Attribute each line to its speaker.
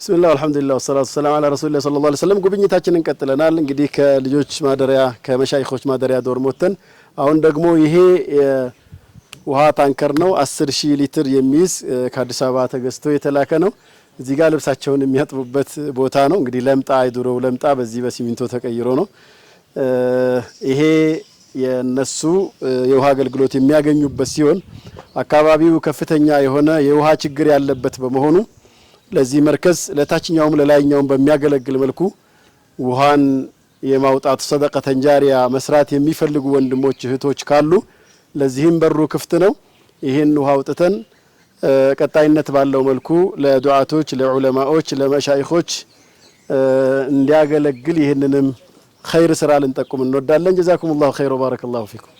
Speaker 1: ብስሚላህ አልሐምዱሊላህ ወሰላቱ ወሰላም አላ ረሱሊላህ ሰለላሁ ዐለይሂ ወሰለም። ጉብኝታችንን ቀጥለናል። እንግዲህ ከልጆች ማደሪያ ከመሻይኮች ማደሪያ ዶር ሞተን አሁን ደግሞ ይሄ ውሃ ታንከር ነው። አስር ሺህ ሊትር የሚይዝ ከአዲስ አበባ ተገዝቶ የተላከ ነው። እዚህ ጋር ልብሳቸውን የሚያጥቡበት ቦታ ነው። እንግዲህ ለምጣ የድሮው ለምጣ በዚህ በሲሚንቶ ተቀይሮ ነው ይሄ የነሱ የውሃ አገልግሎት የሚያገኙበት ሲሆን አካባቢው ከፍተኛ የሆነ የውሃ ችግር ያለበት በመሆኑ ለዚህ መርከዝ ለታችኛውም ለላይኛውም በሚያገለግል መልኩ ውሃን የማውጣት ሰደቀ ተንጃሪያ መስራት የሚፈልጉ ወንድሞች እህቶች ካሉ ለዚህም በሩ ክፍት ነው። ይህን ውሃ አውጥተን ቀጣይነት ባለው መልኩ ለዱዓቶች፣ ለዑለማዎች፣ ለመሻይኾች እንዲያገለግል ይህንንም ኸይር ስራ ልንጠቁም እንወዳለን። ጀዛኩም ላሁ ኸይር ወባረከ ላሁ ፊኩም።